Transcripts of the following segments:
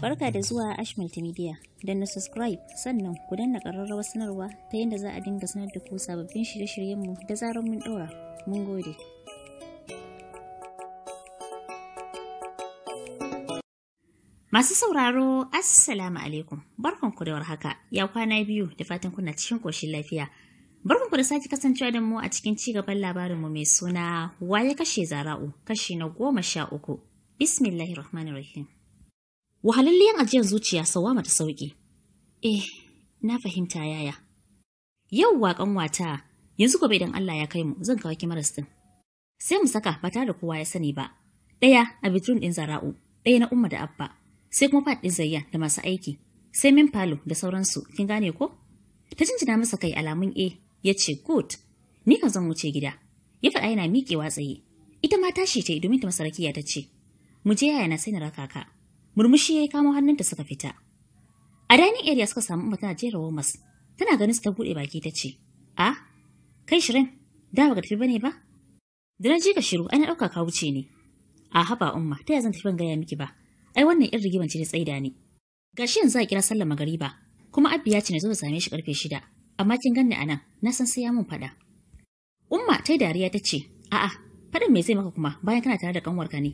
Barka da zuwa Ash Multimedia. Don na subscribe sannan ku danna ƙararrawar sanarwa ta yadda za a dinga sanar da ku sababbin shirye-shiryenmu da zarar mun ɗora. Mun gode. Masu sauraro, Assalamu alaikum. barkan ku da warhaka. Ya kwana biyu da fatan kuna cikin ƙoshin lafiya. Barkanku da sake kasancewa da mu a cikin ci gaban labarinmu mai suna Waye kashe zara'u kashi na goma sha uku. Bismillahirrahmanirrahim. Wahalalliyan ajiyar zuciya sawa mata sauƙi. Eh, na fahimta yaya. Yau waƙan wata, yanzu gobe idan Allah ya kai mu zan kawo kimaras ɗin. Sai mu saka ba tare da kowa ya sani ba. Ɗaya a bitrun ɗin Zara'u, ɗaya na Umma da Abba, sai kuma Fat ɗin zayya da masu aiki, sai min falo da sauransu, kin gane ko? Ta jinjina masa kai alamun E, ya ce good, ni kan zan wuce gida. Ya faɗa yana miƙewa tsaye. Ita ma tashi ta yi domin ta masarakiya ta ce, mu je yaya na sai na raka ka. Murmushi ya yi kamo hannunta suka fita. A dining area suka samu umma tana jera womas. Tana ganin su ta buɗe baki ta ce, "A, kai shirin, da ba ka tafi bane ba?" Da na ji ka shiru, ai na ɗauka ka wuce ne. A haba umma, ta ya zan tafi ban gaya miki ba. Ai wannan irin rigiman ce ta tsaida ne. shi yanzu a kira sallar magariba, kuma Abbi ya ce na zo ta same shi karfe shida. Amma kin ganni anan, na san sai ya mun faɗa. Umma ta yi dariya ta ce, "A'a, faɗin me zai maka kuma bayan kana tare da kanwarka ne?"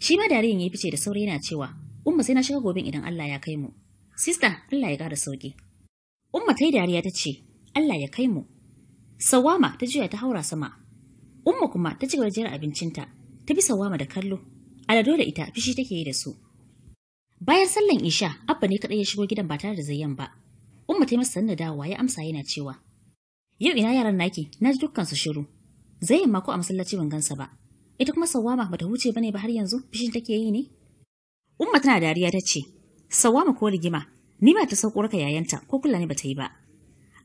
Shi ma dariyan ya fice da sauri yana cewa, Umma sai na shiga gobin idan Allah ya kai mu. Sista, Allah ya kara sauki. Umma ta yi dariya ta ce, Allah ya kai mu. Sawama ta juya ta haura sama. Umma kuma ta ci gajiyar abincinta, ta bi Sawama da kallo. Alado da ita fishi take yi da su. Bayan sallan Isha, Abba ne kaɗai ya shigo gidan ba tare da zayyan ba. Umma ta yi masa sanna dawowa ya amsa yana cewa, Yau ina yaran naki, na ji dukkan su shiru. Zayyan ma ko a masallaci ban gansa ba. Ita kuma Sawama bata huce bane ba har yanzu, fishin take yi ne? Umma tana dariya ta ce, Sawama ko rigima, ni ba ta sauko raka yayanta ko kula ne ba yi ba.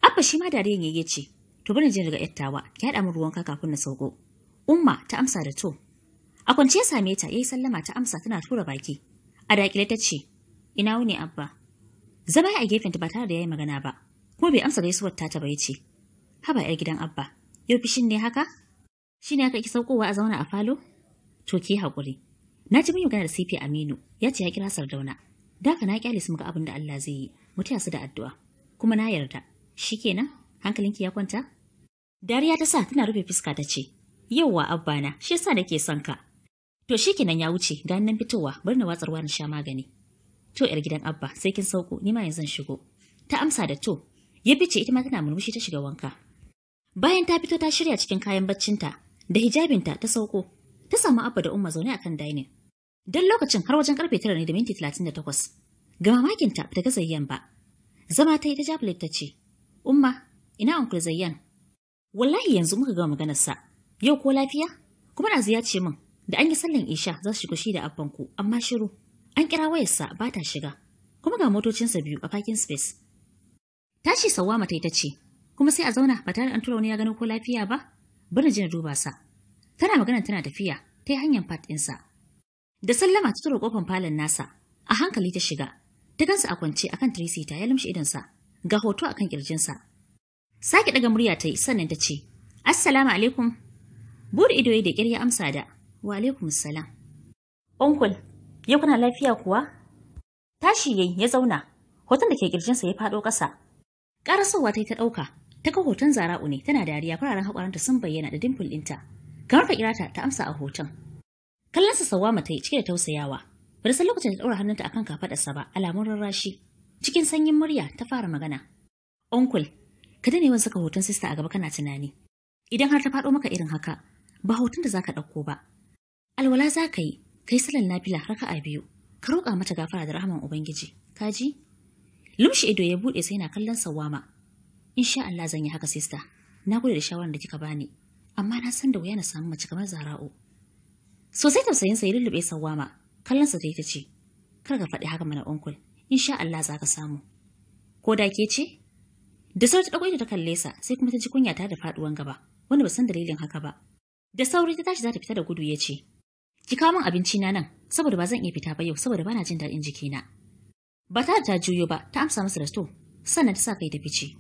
Abba shi ma dariyan yayye ce, to bari jin daga yattawa, ki haɗa min ruwanka kafin na sauko. Umma ta amsa da to. A kwance ya same ta, yayi sallama ta amsa tana tura baki. A dakile ta ce, ina wuni Abba. Zama a gefen ta ba tare da yayi magana ba, kuma bai amsa gaisuwar ta ta ba ce. Haba 'yar gidan Abba, yau fishin ne haka? Shi ne aka ki saukowa a zauna a falo? To ki haƙuri. Na ji mun magana da sifi Aminu, ya ce ya kira Sardauna. Daka na kyale su muka abin da Allah zai yi, mu ya su da addu'a. Kuma na yarda. Shikenan, hankalinki ya kwanta? Dariya ta sa tana rufe fuska ta ce, "Yawwa abba na, shi yasa nake son ka." To shi kenan ya wuce, ga nan fitowa, bari na watsarwa na sha magani. To yar gidan abba, sai kin sauko, ni ma yanzu shigo. Ta amsa da to, ya fice ita ma tana murmushi ta shiga wanka. Bayan ta fito ta shirya cikin kayan baccinta, da hijabinta ta sauko, ta samu abba da umma zaune akan dining. Don lokacin har wajen karfe tara ne da minti talatin da takwas. Ga mamakinta ta ga Zayyan ba. Zama ta yi ta jabulet ta ce, Umma, ina uncle Zayyan? Wallahi yanzu muka gama sa Yau ko lafiya? Kuma na ya ce min da an yi sallan isha za su shigo shi da ku, amma shiru. An kira wayarsa ba ta shiga. Kuma ga motocinsa biyu a parking space. Tashi Sawwama ta ita ce, kuma sai a zauna ba tare an tura wani ya gano ko lafiya ba? Bari na duba sa. Tana magana tana tafiya, ta yi hanyar fat ɗinsa. Da sallama ta tura kofan falon nasa, a hankali ta shiga, ta gansa a kwance akan ta ya lumshi idonsa, ga hoto akan kirjinsa. Sake ɗaga murya ta yi sannan ta ce, Assalamu alaikum. Buɗe ido da ƙir ya amsa da, wa alaikum salam. Onkul, ya kuna lafiya kuwa? Tashi yayi ya zauna, hoton da ke ƙirjinsa ya faɗo ƙasa. Ƙarasowa ta yi ta ɗauka, ta ga hoton zara'u ne tana dariya fararen haƙwaranta sun bayyana da dimple ɗinta. Kamar ka ta amsa a hoton. Kallonsa sawa ta yi cike da tausayawa. Ba da san lokacin da ɗora hannunta akan kafaɗarsa ba alamun rarrashi. Cikin sanyin murya ta fara magana. Onkul, ka dane wani saka hoton sista a gaba kana tunani. Idan har ta faɗo maka irin haka, ba hoton da zaka ɗauko ba. Alwala za ka yi, kai salan nafila a biyu. Ka roƙa mata gafara da rahaman Ubangiji. Ka ji? Lumshi ido ya buɗe sai na kallon Sawama. Insha Allah zan yi haka sista. Na gode da shawaran da kika bani. amma na san da wuya na samu mace kamar Zara'u. Sosai tausayin sa ya lullube Sawama, kallon sa ta yi ta ce, "Kar ka faɗi haka mana onkul, insha Allah za ka samu." Ko da ke ce? Da sauri ta ɗauko ta kalle sa, sai kuma ta ji kunya ta da faɗuwan gaba, wanda ba san dalilin haka ba. Da sauri ta tashi za ta fita da gudu ya ce, "Ki kawo min abinci na nan, saboda ba zan iya fita ba yau saboda bana jin daɗin jiki na. Ba ta ta juyo ba, ta amsa masa da to, sannan ta sa kai ta fice.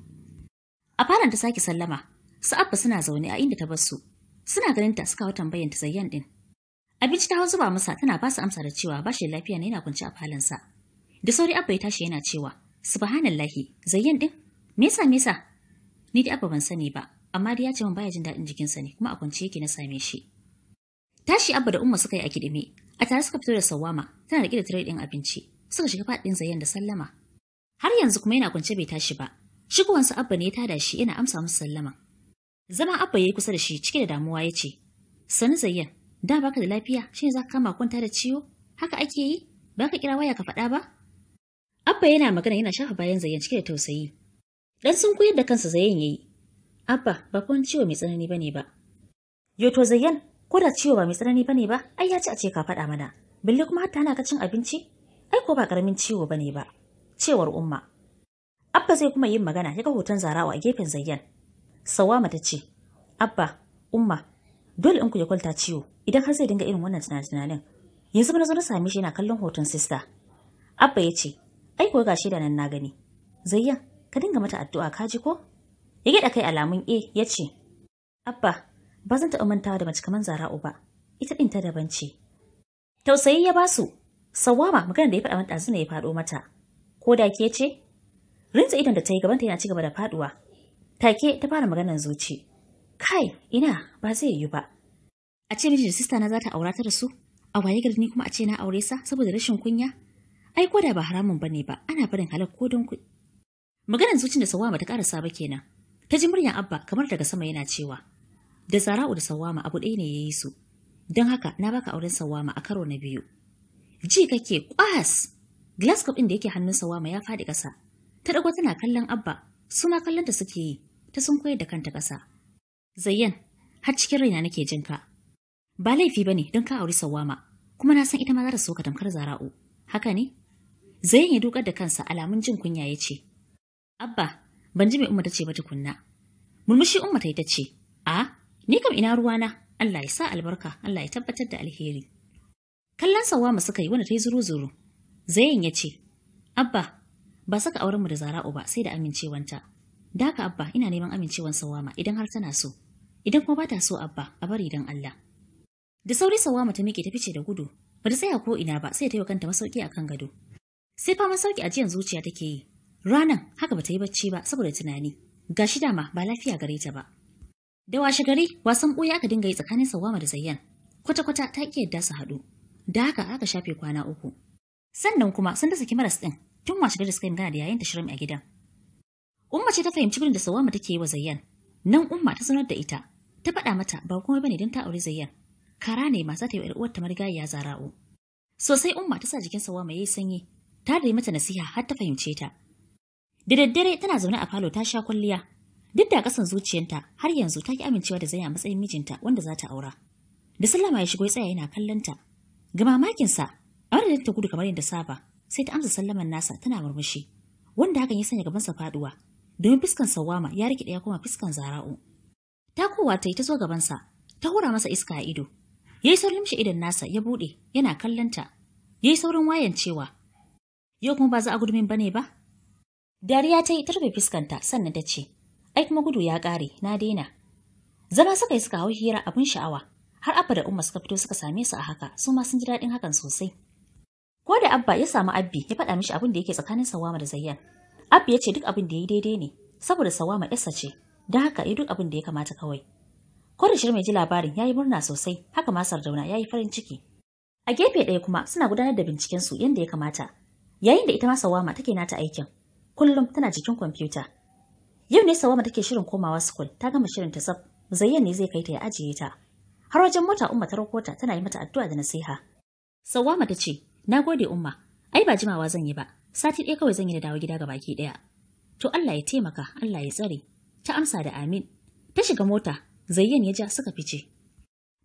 A faran ta sake sallama, Sa'abba suna zaune a inda ta bar su. Suna ganin ta suka hau tambayan ta zayyan din. Abinci ta hau zuba masa tana ba su amsa da cewa ba shi lafiya ne yana kwance a sa. Da sauri Abba ya tashi yana cewa, Subhanallahi, zayyan din? me yasa? Ni da Abba ban sani ba, amma dai ya ce min baya jin daɗin jikinsa ne kuma a kwance yake na same shi. Tashi Abba da Umma suka yi a kidime, a tare suka fito da Sawama tana riƙe da tire ɗin abinci, suka shiga faɗin zayyan da sallama. Har yanzu kuma yana kwance bai tashi ba. Shigowansa Abba ne ya tada shi yana amsa musu sallama. Zama abba ya yi kusa da shi cike da damuwa ya ce, Sani zayyan, da baka da lafiya shi ne za ka kama kwanta da ciwo? Haka ake yi? Ba ka kira waya ka faɗa ba? Abba yana magana yana shafa bayan zayyan cike da tausayi. Dan sun koyar da kansa zayyan ya yi. Abba ba kun ciwo mai tsanani ba ne ba. to zayyan, ko da ciwo ba mai tsanani ba ne ba, ai ya ci a ce ka faɗa mana. Bille kuma hatta ana ka cin abinci? Ai ko ba karamin ciwo ba ne ba. Cewar Umma. Abba zai kuma yin magana ya ga hoton Zarawa a gefen Zayyan. Sawama ta ce, Abba, Umma, dole in ku ya kwalta ciwo idan har zai dinga irin wannan tunanin. Yanzu na zo na same shi yana kallon hoton sista. Abba ya ce, Ai kuwa gashi da nan na gani. Zayya, ka dinga mata addu'a ka ji ko? Ya gida kai alamun E ya ce, Abba, ba zan taɓa mantawa da mace kamar Zara'u ba. Ita ɗin ta daban ce. Tausayi ya basu. Sawama maganar da ya faɗa mata zuna ya faɗo mata. Ko da ke ce? Rinta idan da ta yi gabanta yana cigaba da faɗuwa. Take ta fara maganar zuci. Kai, ina, ba zai yiwu ba. A ce miji da na za ta aura da su? A waye gari ni kuma a ce na aure sa saboda rashin kunya? Ai ko da ba haramun ba ne ba, ana barin halak ko don kuɗi. Maganar zucin da Sawama ta karasa ba kenan. Ta ji muryar Abba kamar daga sama yana cewa, da Zara'u da Sawama abu ɗaya ne ya yi su. Don haka na baka auren Sawama a karo na biyu. Ji kake kwas. cup ɗin da yake hannun Sawama ya faɗi ƙasa. Ta dago tana kallon Abba, Suna kallon da suke yi. ta koyar da kanta ƙasa. Zayyan, har cikin raina nake jin ka. Ba laifi ba ne don ka auri Sawama, kuma na san ita ma za ta so ka tamkar Zara'u. Haka ne? Zayyan ya dukar da kansa alamun jin kunya ya ce, Abba, ban ji mai Umma ta ce ba tukunna. Murmushi Umma ta yi ta ce, A, ni kam ina ruwa na? Allah ya sa albarka, Allah ya tabbatar da alheri. Kallon Sawama suka yi wanda ta yi zuru-zuru. Zayyan ya ce, Abba, ba saka auren mu da Zara'u ba sai da amincewanta. daka abba ina neman amincewan Sawama idan har tana so. Idan kuma bata so abba a bari don Allah. Da sauri Sawama ta miƙe ta fice da gudu. Ba ta tsaya ko ina ba sai ta yi kanta masauki kan gado. Sai fa masauki jiyan zuciya take yi. Ranan haka ba ta yi bacci ba saboda tunani. ga shi dama ba lafiya gare ta ba. Da washe gari wasan ɓoye aka dinga yi tsakanin Sawama da Zayyan. Kwata-kwata ta ƙi yadda su haɗu. Da haka aka shafe kwana uku. Sannan kuma sun da saki maras ɗin tun washe gari suka yi magana da yayin ta shirin a gidan. Umma ce ta fahimci gurin da Sawama take yi wa Zayyan. Nan Umma ta sanar da ita, ta faɗa mata ba komai bane don ta aure Zayyan. Kara ne ma za ta yi wa uwarta ta ya Zara'u. Sosai Umma ta sa jikin Sawama yi sanyi, ta da mata nasiha har ta fahimce ta. Da daddare tana zaune a falo ta sha kwalliya. Duk da kasan zuciyarta har yanzu ta ki amincewa da Zayyan a matsayin mijinta wanda za ta aura. Da Sallama ya shigo ya tsaya yana kallon ta. Ga mamakinsa, a ta gudu kamar yadda saba, sai ta amsa sallaman nasa tana murmushi. Wanda hakan ya sanya gabansa faduwa, domin fuskan sawama ya rike ya kuma fuskan zara'u. Takowa ta yi ta zo gaban sa ta hura masa iska a ido. yayi yi saurin idan nasa ya buɗe yana kallonta. Ya yi saurin wayan cewa, Yau kuma ba za a gudumin ba ne ba? Dariya ta yi ta rufe fuskanta sannan ta ce, Ai kuma gudu ya kare, na daina. Zama suka yi suka hau hira abin sha'awa, har abba da umma suka fito suka same su a haka, su ma sun ji daɗin hakan sosai. Ko da abba ya samu abbi ya faɗa mishi abin da yake tsakanin sawama da zayyan, Abbi ya ce duk abin da ya yi daidai ne, saboda Sawama yasa ce, don haka yi duk abin da ya kamata kawai. Ko Kwarishin mai ji labarin ya yi murna sosai, haka ma Sardauna ya yi farin ciki. A gefe ɗaya kuma suna gudanar da bincikensu yadda ya kamata, yayin da ita ma Sawama take nata aikin. Kullum tana jikin kwamfuta. Yau ne Sawama take shirin komawa Sukul ta gama shirin ta sab, Zayyan ne zai kai ta ya ajiye ta. Har wajen mota Umma ta rokota tana yi mata addu'a da nasiha. Sawama ta ce, "Na gode Umma, ai ba jimawa zan yi ba, sati ɗaya kawai zan yi da dawo gida ga baki ɗaya. To Allah ya taimaka, Allah ya tsare. Ta amsa da amin. Ta shiga mota, Zayyan ya ja suka fice.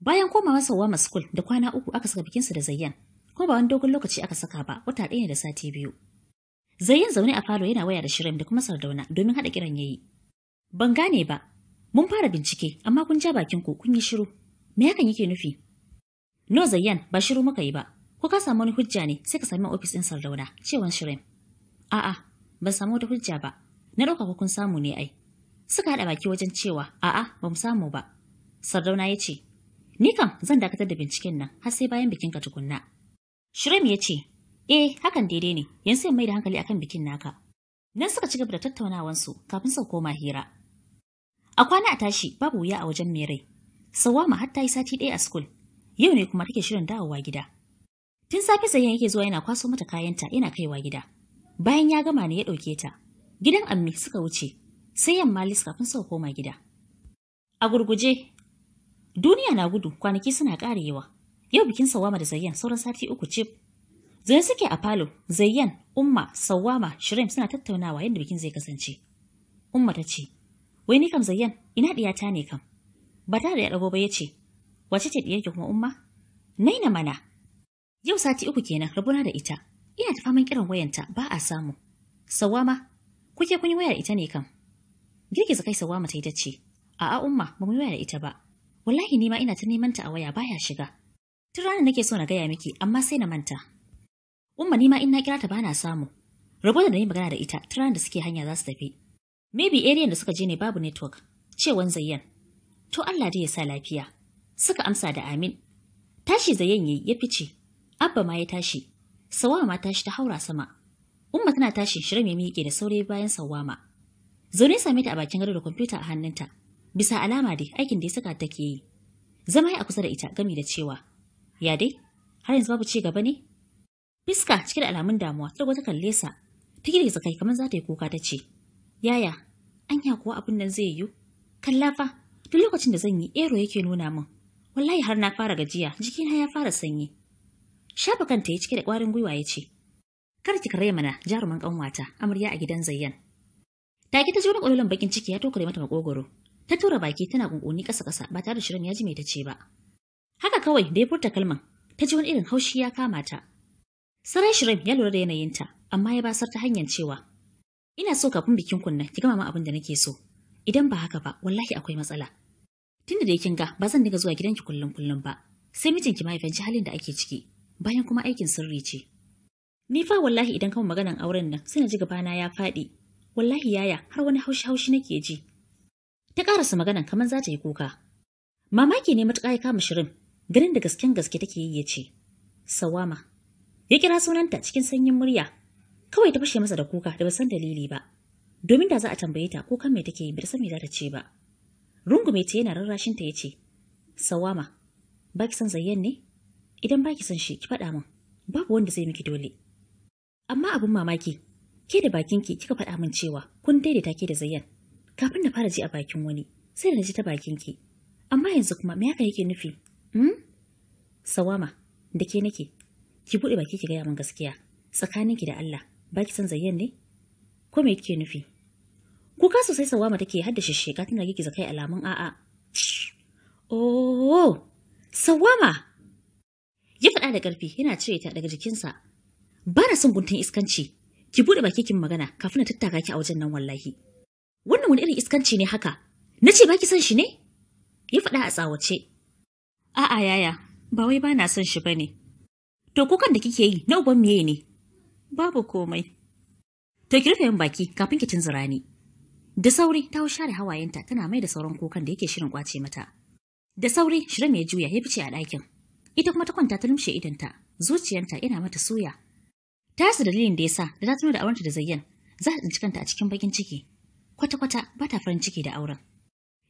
Bayan komawa ma school da kwana uku aka saka bikinsa da Zayyan, kuma ba wani dogon lokaci aka saka ba, wata ɗaya ne da sati biyu. Zayyan zaune a falo yana waya da Shirim da kuma Sardauna domin haɗa kiran yayi. Ban gane ba, mun fara bincike, amma kun ja bakin ku kun yi shiru. Me hakan yake nufi? No Zayyan, ba shiru muka yi ba, Ko ka samu wani hujja ne sai ka sami ofis ɗin Sardauna, cewan Shirin. A'a, ban samu wata hujja ba. Na ɗauka ko kun samu ne ai. Suka haɗa baki wajen cewa a'a ba mu samu ba. Sardauna ya ce, Ni kam zan dakatar da binciken nan har sai bayan bikin ka tukunna. Shirin ya ce, Eh, hakan daidai ne, yanzu mai da hankali akan bikin naka. Nan suka ci gaba da su kafin su koma hira. A kwana a tashi babu wuya a wajen mai rai. Sawama har ta yi sati ɗaya a school. Yau ne kuma take shirin dawowa gida. Tun safe sayan yake zuwa yana kwaso mata kayanta yana kaiwa gida. Bayan ya gama ne ya ɗauke ta. Gidan ammi suka wuce, sai yamma lis kafin suka koma gida. A gurguje, duniya na gudu kwanaki suna ƙarewa. Yau bikin Sawama da Zayyan sauran sati uku cif. Zai suke a falo, Zayyan, Umma, Sawama, Shirim suna tattaunawa yadda bikin zai kasance. Umma ta ce, Wai ni kam Zayyan, ina ɗiyata ne kam. Bata da ya ɗago ba ya ce, Wace ce ɗiyarki kuma Umma? Naina mana, Yau sati uku kenan na da ita. Ina ta faman kiran wayanta ba a samu. Sawama, kuke kun yi wayar ita ne kam? Girgiza kai Sawama ta ita ce, a'a umma ba mu yi waya da ita ba. Wallahi ni ma ina ta neman ta a waya baya shiga. Tun ranar nake so na gaya miki amma sai na manta. Umma ni ma in na kira ta bana samu. Rabona da ni magana da ita tun ranar da suke hanya za su tafi. Maybe area da suka je ne babu network. Cewan Zayyan. To Allah dai ya sa lafiya. Suka amsa da amin. Tashi Zayyan ya fice. Abba ma ya tashi, Sawama ma tashi ta haura sama. Umma tana tashi shirin ya miƙe da saurayi bayan Sawama. Zaune same ta a bakin gado da kwamfuta a hannunta. Bisa alama dai aikin da ya saka take yi. Zama ya a kusa da ita gami da cewa, "Ya dai, har yanzu babu ci gaba ne?" Fiska cike da alamun damuwa ta ta kalle sa. Ta girgiza kai kamar za ta yi kuka ta ce, "Yaya, anya kuwa abin nan zai yiwu?" Kalla fa, duk lokacin da zan yi ero yake nuna min. Wallahi har na fara gajiya, jikina ya fara sanyi. Shafa kanta ya cike da ƙwarin gwiwa ya ce, Kar ki karya mana jaruman Kanwata, amarya a gidan Zayyan. ki ta ji wani bakin ciki ya tokare mata makogoro. Ta tura baki tana kunkuni ƙasa-ƙasa ba tare da shirin ya ji mai ta ce ba. Haka kawai da ya furta kalman, ta ji wani irin haushi ya kama ta. Sarai shirin ya lura da yanayinta, amma ya basar ta hanyar cewa, Ina so kafin bikin kunna ki gama min abin da nake so. Idan ba haka ba, wallahi akwai matsala. Tunda da kin ga ba zan dinga zuwa gidanki kullum kullum ba. Sai mijinki mahaifanci halin da ake ciki. bayan kuma aikin sirri ce. Ni fa wallahi idan kama maganan auren nan sai na ji gabana ya faɗi. Wallahi yaya har wani haushi-haushi nake ji. Ta ƙarasa maganan kamar za ta yi kuka. Mamaki ne matuƙa ya kama shirin, ganin da gasken gaske take yi ya ce, Sawama. Ya kira sunanta cikin sanyin murya, kawai ta fashe masa da kuka da ba san dalili ba. Domin da za a tambaye ta kukan me take yi bai san me za ta ce ba. Rungume ta yana rarrashin ta ya ce, Sawama, ba ki san zayyan ne? Idan baki son shi ki faɗa min. Babu wanda zai miki dole. Amma abin mamaki, ke da bakinki kika faɗa min cewa kun daidaita ke da Zayyan. Kafin na fara ji a bakin wani, sai na ji ta bakin ki. Amma yanzu kuma me haka yake nufi? Hmm? Sawama, da ke nake. Ki buɗe baki ki gaya min gaskiya. Tsakanin ki da Allah, baki son Zayyan ne? Ko me yake nufi? Kuka sosai Sawama take haddashe tana gigiza kai alamun a'a. Oh, Sawama! Ya faɗa da ƙarfi yana cire ta daga jikinsa. Ba na son guntun iskanci. Ki buɗe baki kin magana kafin na tattaka ki a wajen nan wallahi. Wannan wani irin iskanci ne haka? Na ce baki son shi ne? Ya faɗa a tsawace. A'a yaya, ba wai ba na son shi ba ne. To kukan da kike yi na uban miye ne? Babu komai. To ki rufe min baki kafin ki cin ni. Da sauri ta share hawayenta tana mai da sauran kukan da yake shirin kwace mata. Da sauri shirin ya juya ya fice a ɗakin. ita kuma ta kwanta ta lumshe idanta zuciyarta yana mata soya ta yasa dalilin da yasa da ta tuno da aurenta da zayyan za ta tsinci kanta a cikin bakin ciki kwata-kwata ba ta farin ciki da auren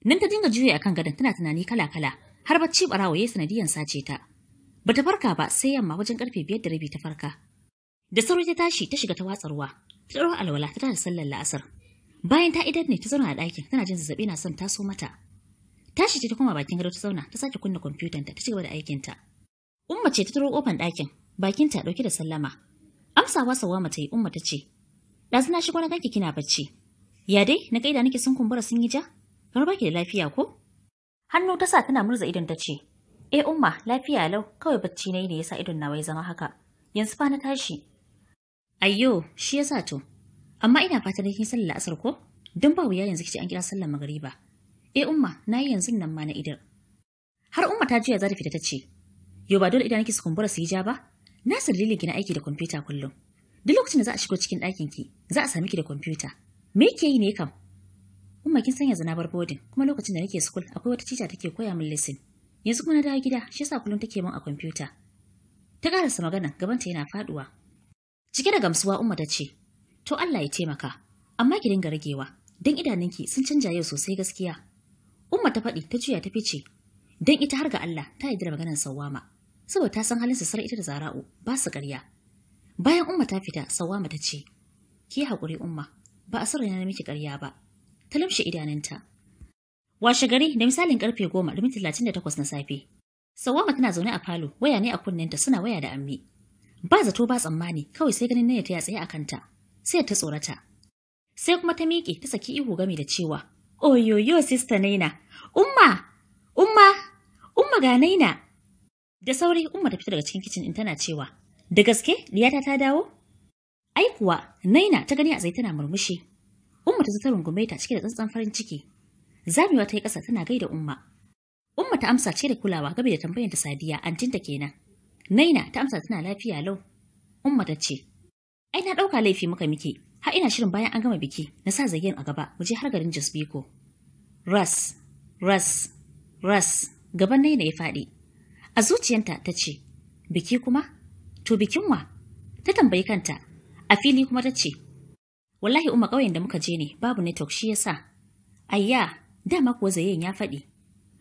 nan ta dinga juya akan gadon tana tunani kala-kala har bacci barawo ya sanadiyan sace ta bata farka ba sai yamma wajen karfe biyar da rabi ta farka da sauri ta tashi ta shiga ta watsarwa ta tsaro alwala ta tada sallar la'asar bayan ta idan ne ta zauna a ɗakin tana jin zazzaɓi na son taso mata tashi ce ta koma bakin gado ta zauna ta sake kunna kwamfutanta ta gaba da aikinta Umma ce ta turo kofan ɗakin, bakin ta ɗauke da sallama. Amsawa Sawama ta yi Umma ta ce, "Ɗazu na shigo na ganki kina bacci." Ya dai, na gaida nake sun kumbura sun yi ja? Kamar baki da lafiya ko? Hannu ta sa tana murza idon ta ce, E, Umma, lafiya lau, kawai bacci nayi ne yasa idon nawa ya zama haka. Yanzu fa na tashi." Ayyo, shi yasa to. Amma ina fatan kin sallar asar ko? Don ba wuya yanzu kici an kira sallar magariba. E, Umma, na yi yanzu nan ma na idar. Har Umma ta juya za ta fita ta ce, Yau ba dole idan ki su kumbura su yi ja ba? Nasir dalilin ki na aiki da kwamfuta kullum. Duk lokacin da za a shigo cikin ɗakin ki, za a sami ki da kwamfuta. Me yake yi ne kam? Umma kin san yanzu na bar boarding, kuma lokacin da nake school akwai wata teacher take koya min lesson. Yanzu kuma na dawo gida, shi yasa kullum take min a kwamfuta. Ta karasa magana, gaban ta yana faduwa. Cike da gamsuwa Umma ta ce, "To Allah ya taimaka, amma ki dinga ragewa, don idanunki sun canja yau sosai gaskiya." Umma ta faɗi ta juya ta fice, don ita har ga Allah ta yi da maganar sawama. saboda ta san halin su sar ita da Zara'u ba su karya. Bayan Umma ta fita, Sawwama ta ce, "Ki hakuri, Umma, ba a sarrafa na miki karya ba." Ta lamshe idanunta. Washe gari da misalin karfe goma da minti da takwas na safe. Sawwama tana zaune a falo, waya ne a kunnen kunninta suna waya da ammi. Ba zato ba tsammani, kawai sai ganin nayyata ya tsaye a kanta, sai ta tsorata. Sai kuma ta miƙe ta saki ihu game da cewa, "Oyoyo sista Naina, Umma, Umma, Umma ga Naina." Da sauri Umma ta fita daga cikin kicin in tana cewa, "Da gaske, liyata ta dawo?" Ai kuwa, Naina ta gani a zai tana murmushi. Umma ta zata rungume ta cike da tsantsan farin ciki. Zamiwa ta yi kasa tana gaida Umma. Umma ta amsa ce da kulawa gabi da tambayar ta Sadiya, antinta kenan. Naina ta amsa tana lafiya lau. Umma ta ce, "Ai na ɗauka laifi muka miki, har ina shirin bayan an gama biki, na sa zagiyan a gaba, mu je har garin Jos Jasbiko." Ras, ras, ras, gaban Naina ya faɗi. A zuciyanta ta ce, Biki kuma? To bikin wa? Ta tambayi kanta, a fili kuma ta ce, Wallahi umma ƙauyen da muka je ne babu network shi yasa. Ayya, dama kuwa zayen ya faɗi.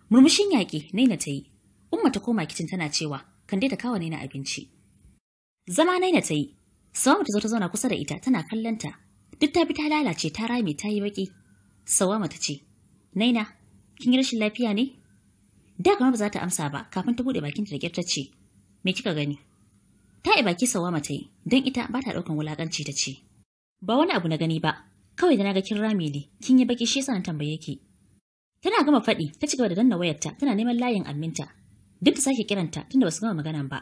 Murmushin yaƙi Naina ta yi. Umma ta koma kicin tana cewa, Kande ta kawo nina abinci. Zama Naina ta yi. Sawama ta zo ta zauna kusa da ita tana kallonta. Duk ta bi ta lalace ta rame ta yi baƙi. Sawama ta ce, Naina, kin yi rashin lafiya ne? Da kamar ba za ta amsa ba kafin ta buɗe bakinta da ƙyar ta ce, Me kika gani? Ta yi baki sawama ta yi, don ita ba ta ɗaukan wulakanci ta ce. Ba wani abu na gani ba, kawai da na ga kin rame ne, kin yi baki shi yasa na tambaye ki. Tana gama faɗi, ta cigaba gaba da danna wayarta, tana neman layin aminta, Duk ta sake kiranta tunda ba su gama magana ba.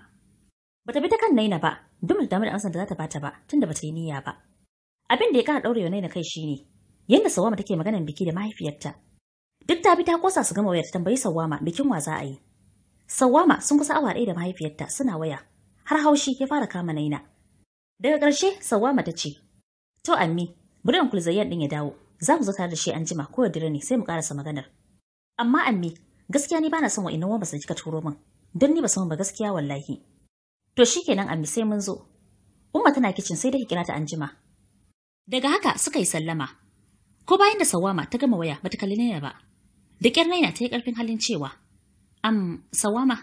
Ba ta bi ta kan Naina ba, duk da damar amsar da za ta bata ba, tunda ba ta yi niyya ba. Abin da ya kara ɗaurewa Naina kai shine, yadda Sawama take maganan biki da mahaifiyarta, Duk ta bi ta kosa su gama wayar tambayi Sawama bikin wa za a yi. Sawama sun kusa awa ɗaya da mahaifiyarta suna waya. Har haushi ya fara kama naina. Daga ƙarshe Sawama ta ce, To ammi, bari Kulu Zayyan ɗin ya dawo. Za mu zo tare da shi an jima ko da dare ne sai mu ƙarasa maganar. Amma ammi, gaskiya ni bana son wa'annan wa ba su jika turo min. Don ni ba san ba gaskiya wallahi. To shikenan ammi sai mun zo. Umma tana kicin sai da kira ta an jima. Daga haka suka yi sallama. Ko bayan da Sawama ta gama waya bata kalli ne ba. Da ƙyar naina ta yi ƙarfin halin cewa, Am, sawama,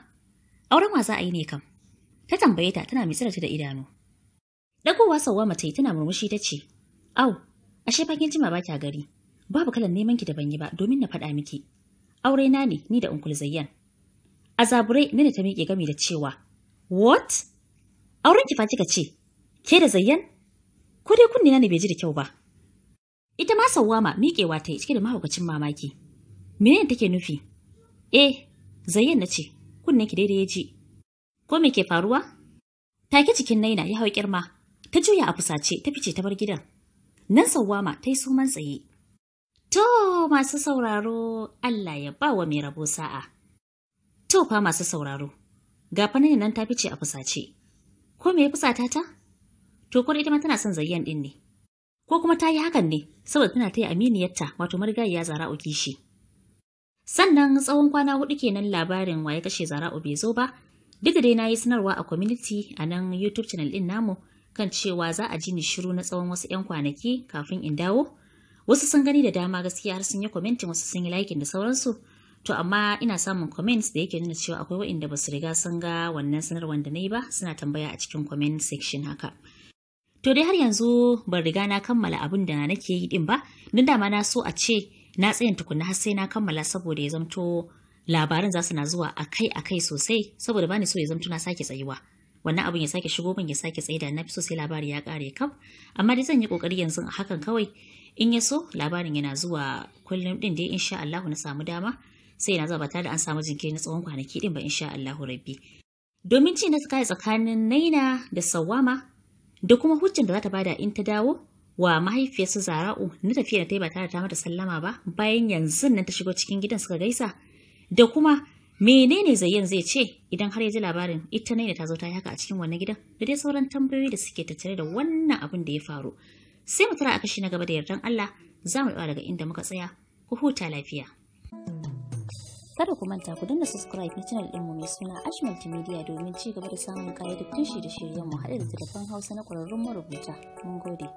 auren wa za a yi ne kam? Ta tambaye ta tana mitsira ta da idanu. Ɗagowa sawama ta yi tana murmushi ta ce, Au, ashe bakin jima ba kya gari, babu kalan neman ki da ban yi ba domin na faɗa miki. Aure na ne ni da Unkul Zayyan. A zaburai nina ta miƙe gami da cewa, What? Auren ki fa kika ce, Ke da Zayyan? Ko dai kunne na ne bai ji da kyau ba. Ita ma sawama miƙewa ta yi cike da mahaukacin mamaki. Mene take nufi? Eh, Zayyan na ce, kunnen ki daidai ya ji. Ko me ke faruwa? Take cikin naina ya hau kirma, ta juya a fusace ta fice ta bar gidan. Nan sauwama ta yi suman tsaye. To masu sauraro, Allah ya ba wa mai rabo sa'a. To fa masu sauraro, ga fa nan ta fice a fusace. Ko me ya fusata ta? To idama ita ma tana son Zayyan din ne. Ko kuma ta yi hakan ne saboda tana ta yi aminiyarta wato marigayi ya zara shi? Sannan tsawon kwana hudu kenan labarin waye kashe Zara'u bai zo ba, duk dai na yi sanarwa a community a nan YouTube channel din namu kan cewa za a ji ni shiru na tsawon wasu 'yan kwanaki kafin in dawo. Wasu sun gani da dama gaskiya har sun yi commenting wasu sun yi liking da sauransu. To amma ina samun comments da yake nuna cewa akwai waɗanda ba su riga sun ga wannan sanarwar da na yi ba suna tambaya a cikin comment section haka. To dai har yanzu ban riga na kammala abin da nake yi din ba, don dama na so a ce na tsayin tukuna har sai na kammala saboda ya zamto labarin za su na zuwa akai akai sosai saboda bani so ya zamto na sake tsayuwa wannan abin ya sake shigo min ya sake tsayida, na fi so sai labari ya kare kam amma dai zan yi kokari yanzu a hakan kawai in ya so labarin yana zuwa kullum din dai insha Allah na samu dama sai yana zuwa ba tare da an samu jinkiri na tsawon kwanaki din ba insha Allah rabbi domin ci na tsakanin naina da sawama da kuma hujjan da za ta bada in ta dawo wa mahaifiyarsa Zara'u na tafiya da ta yi ba tare da ta mata sallama ba bayan yanzu nan ta shigo cikin gidan suka gaisa da kuma menene zayyan zai ce idan har ya ji labarin ita ne da ta zo ta yi haka a cikin wannan gidan da dai sauran tambayoyi da suke tattare da wannan abin da ya faru sai mu tara a kashi na gaba da yardan Allah za mu daga inda muka tsaya ku huta lafiya kada ku manta ku danna subscribe na channel ɗinmu mai suna ash multimedia domin ci gaba da samun kayyadattun shirye-shiryen mu haɗa da telefon hausa na ƙwararrun marubuta mun gode